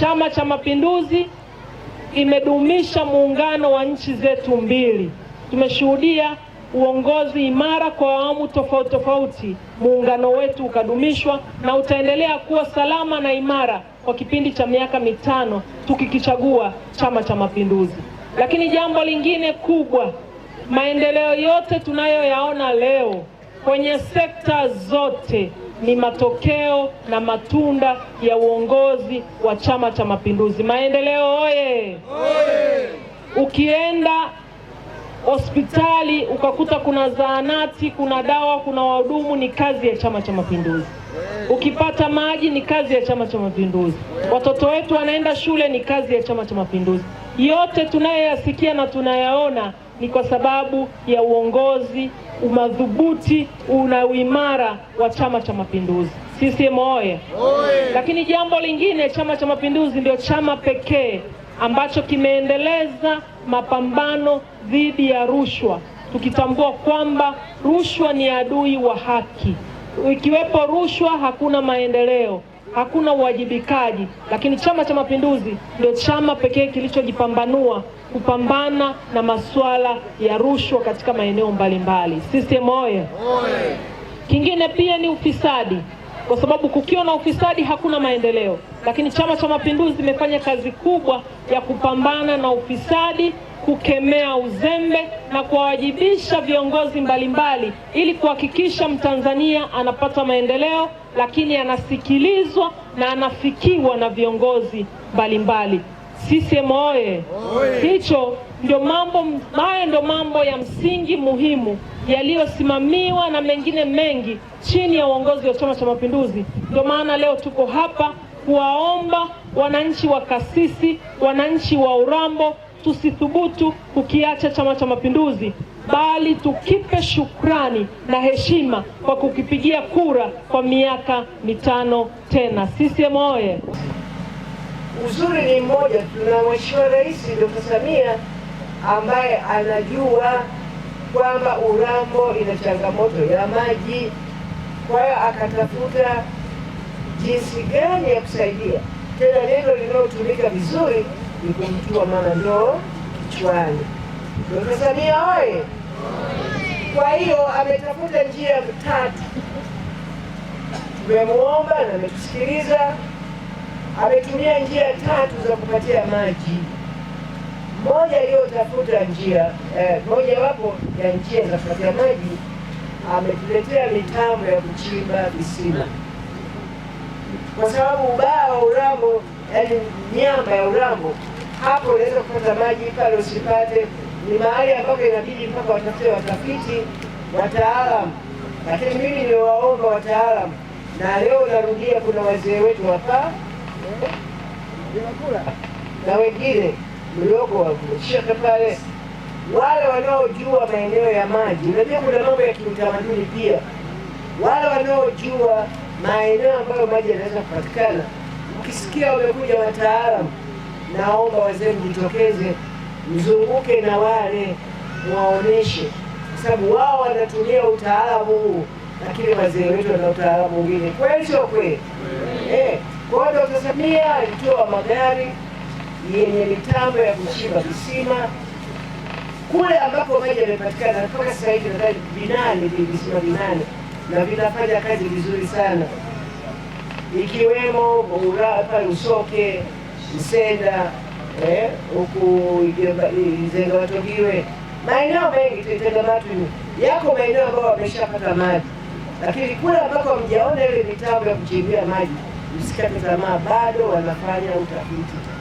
Chama cha Mapinduzi imedumisha muungano wa nchi zetu mbili. Tumeshuhudia uongozi imara kwa awamu tofauti tofauti, muungano wetu ukadumishwa na utaendelea kuwa salama na imara kwa kipindi cha miaka mitano tukikichagua Chama cha Mapinduzi. Lakini jambo lingine kubwa, maendeleo yote tunayoyaona leo kwenye sekta zote ni matokeo na matunda ya uongozi wa Chama cha Mapinduzi. Maendeleo oye! Ukienda hospitali ukakuta kuna zahanati, kuna dawa, kuna wahudumu, ni kazi ya Chama cha Mapinduzi. Ukipata maji ni kazi ya Chama cha Mapinduzi. Watoto wetu wanaenda shule, ni kazi ya Chama cha Mapinduzi. Yote tunayoyasikia na tunayaona ni kwa sababu ya uongozi umadhubuti una uimara wa Chama cha Mapinduzi, CCM oye! Lakini jambo lingine, Chama cha Mapinduzi ndio chama pekee ambacho kimeendeleza mapambano dhidi ya rushwa, tukitambua kwamba rushwa ni adui wa haki. Ikiwepo rushwa, hakuna maendeleo hakuna uwajibikaji, lakini Chama cha Mapinduzi ndio chama pekee kilichojipambanua kupambana na masuala ya rushwa katika maeneo mbalimbali. System oye! Kingine pia ni ufisadi, kwa sababu kukiwa na ufisadi hakuna maendeleo, lakini Chama cha Mapinduzi imefanya kazi kubwa ya kupambana na ufisadi kukemea uzembe na kuwawajibisha viongozi mbalimbali ili kuhakikisha Mtanzania anapata maendeleo, lakini anasikilizwa na anafikiwa na viongozi mbalimbali. CCM oye! Hicho ndio mambo, haya ndio mambo ya msingi muhimu yaliyosimamiwa na mengine mengi chini ya uongozi wa Chama cha Mapinduzi. Ndio maana leo tuko hapa kuwaomba wananchi wa Kasisi, wananchi wa Urambo tusithubutu kukiacha Chama cha Mapinduzi, bali tukipe shukrani na heshima kwa kukipigia kura kwa miaka mitano tena. CCM oye! Uzuri ni mmoja, tuna mheshimiwa Rais Dr. Samia ambaye anajua kwamba Urambo ina changamoto ya maji, kwa hiyo akatafuta jinsi gani ya kusaidia, tena neno linalotumika vizuri ni kumtua mama ndoo kichwani. Dkt. Samia oye! Kwa hiyo ametafuta njia tatu, tumemwomba na ametusikiliza. Ametumia njia tatu za kupatia maji. Moja aliyotafuta njia eh, moja wapo ya njia za kupatia maji ametuletea mitambo ya kuchimba visima, kwa sababu ubao wa Urambo yani nyama ya Urambo, hapo unaweza kupata maji pale usipate. Ni mahali ambapo inabidi mpaka watafute watafiti wataalamu, lakini mimi niwaomba wataalamu, na leo narudia, kuna wazee wetu hapa na wengine mlioko washaka pale, wale wanaojua maeneo ya maji. Unajua kuna mambo ya kiutamaduni pia, wale wanaojua maeneo ambayo maji yanaweza kupatikana ukisikia wamekuja wataalamu, naomba wazee mjitokeze, mzunguke na wale waoneshe, kwa sababu wao wanatumia utaalamu huu, lakini wazee wetu wana utaalamu mwingine. Kweli sio kweli? kwao eh, kwa hiyo Dkt. Samia alitoa magari yenye mitambo ya kuchimba visima kule ambapo maji yamepatikana mpaka sasa hivi, nadhani vinane, visima vinane, na vinafanya kazi vizuri sana ikiwemo Murata, Lusoke, Msenda eh, huku Izengewatogiwe, maeneo mengi Tetegamatu yako maeneo ambayo wameshapata maji, lakini kule ambako hamjaona ile mitambo ya kuchimbia maji, msikate tamaa, bado wanafanya utafiti.